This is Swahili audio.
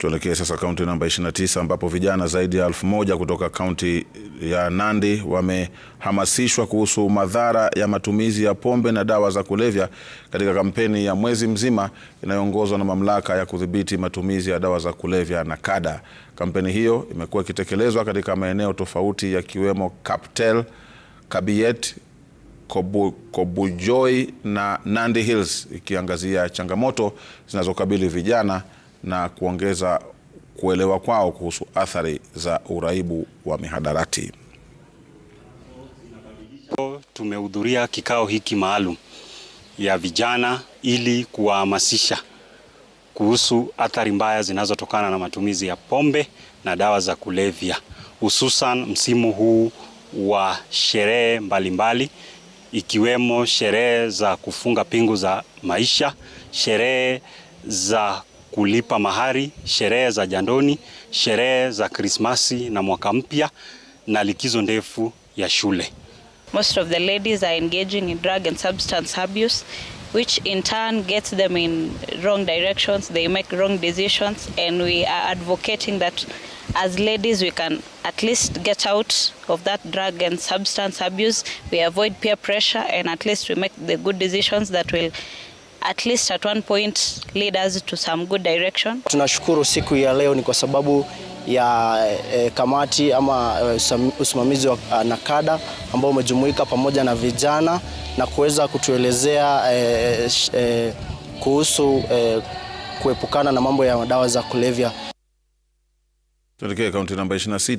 Tuelekee sasa kaunti namba 29 ambapo vijana zaidi ya elfu moja kutoka kaunti ya Nandi wamehamasishwa kuhusu madhara ya matumizi ya pombe na dawa za kulevya katika kampeni ya mwezi mzima inayoongozwa na mamlaka ya kudhibiti matumizi ya dawa za kulevya na kada Kampeni hiyo imekuwa ikitekelezwa katika maeneo tofauti yakiwemo Kaptel, Kabiet, Kobu, Kobujoi na Nandi Hills ikiangazia changamoto zinazokabili vijana na kuongeza kuelewa kwao kuhusu athari za uraibu wa mihadarati. Tumehudhuria kikao hiki maalum ya vijana ili kuwahamasisha kuhusu athari mbaya zinazotokana na matumizi ya pombe na dawa za kulevya, hususan msimu huu wa sherehe mbalimbali ikiwemo sherehe za kufunga pingu za maisha, sherehe za kulipa mahari, sherehe za jandoni, sherehe za Krismasi na mwaka mpya na likizo ndefu ya shule. Most of the ladies are engaging in drug and substance abuse which in turn gets them in wrong directions, they make wrong decisions and we are advocating that as ladies we can at least get out of that drug and substance abuse, we avoid peer pressure and at least we make the good decisions that will at least at one point lead us to some good direction. Tunashukuru siku ya leo ni kwa sababu ya eh, kamati ama eh, usimamizi wa uh, eh, NACADA ambao umejumuika pamoja na vijana na kuweza kutuelezea eh, eh, kuhusu eh, kuepukana na mambo ya madawa za kulevya. Tuelekee kaunti namba 26.